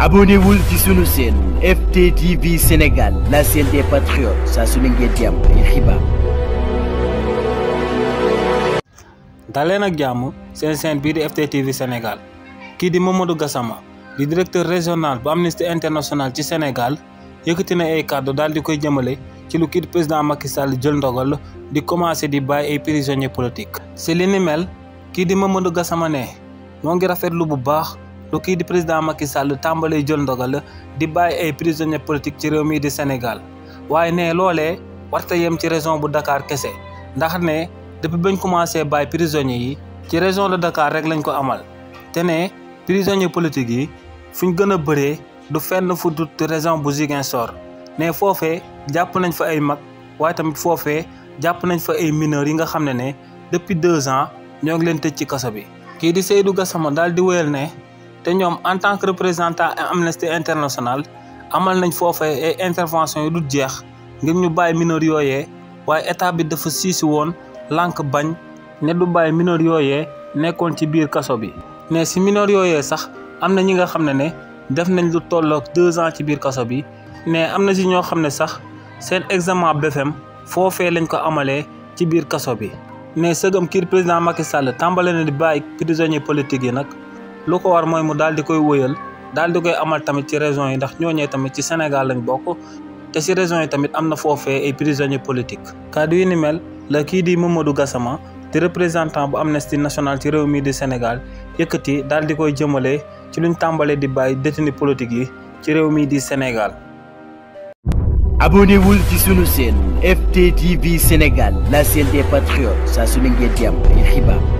abonnez-vous sur notre chaîne FTTV Sénégal la chaîne des patriotes saa su ne ngeen di am ay xibaar. ak chaîne FTTV Sénégal Qui di Mamadou Gassama le directeur régional du Amnesty International du Sénégal yëkkati na ay kàddu daal di koy jëmale ci lu kii le président Macky Sall jël ndogal di commencer di débats ay prisonniers politiques. C'est li qui dit kii di Mamadou Gassama ne moo ngi rafetlu bu lu kii di président Macky Sall tàmbalee jël ndogal di bàyyi ay prisonniers politiques ci réew mii di Sénégal waaye ne loolee warta yem ci région bu Dakar kese ndax ne depuis bañ commencé bàyyi prisonniers yi ci région de Dakar rek lañ ko amal te ne prisonniers politiques yi fuñ gën a bëree du fenn fu dut région bu Ziguinchor ne foofee jàpp nañ fa ay mag waaye tamit foofee jàpp nañ fa ay mineurs yi nga xam ne ne depuis deux ans ñoo ngi leen tëj ci kaso bi. kii di Seydou Gassama daal di wéyal ne. te ñoom en tant que représentant Amnesty International amal nañ foofee ay intervention yu dul jeex ngir ñu bàyyi mineur yooyee waaye état bi dafa siisi woon lànk bañ ne du bàyyi mineur yooyee nekkoon ci biir kaso bi mais si mineur yooyee sax am na ñi nga xam ne ne def nañ lu tollook deux ans ci biir kaso bi mais am na si ñoo xam ne sax seen examen BFEM foofee lañ ko amalee ci biir kaso bi mais sëgam kiir président Macky Sall tàmbale na di bàyyi prisonnier politique yi nag lu ko war mooy mu daal di koy wóyal daal di koy amal tamit ci raison yi ndax ñooñee tamit ci Sénégal lañ bokk te ci raison yi tamit am na foofee ay prisonniers politiques. kàddu yi ni mel la kii di Mamadou Gassama di représentant bu Amnesty National ci réew di Sénégal yëkkati daal di koy jëmale ci luñ tàmbalee di bàyyi détenus politiques yi ci réew mii di Sénégal. abonnewul ci sunu chaîne FTTV Sénégal la chaîne des patriotes saa su ne ngeen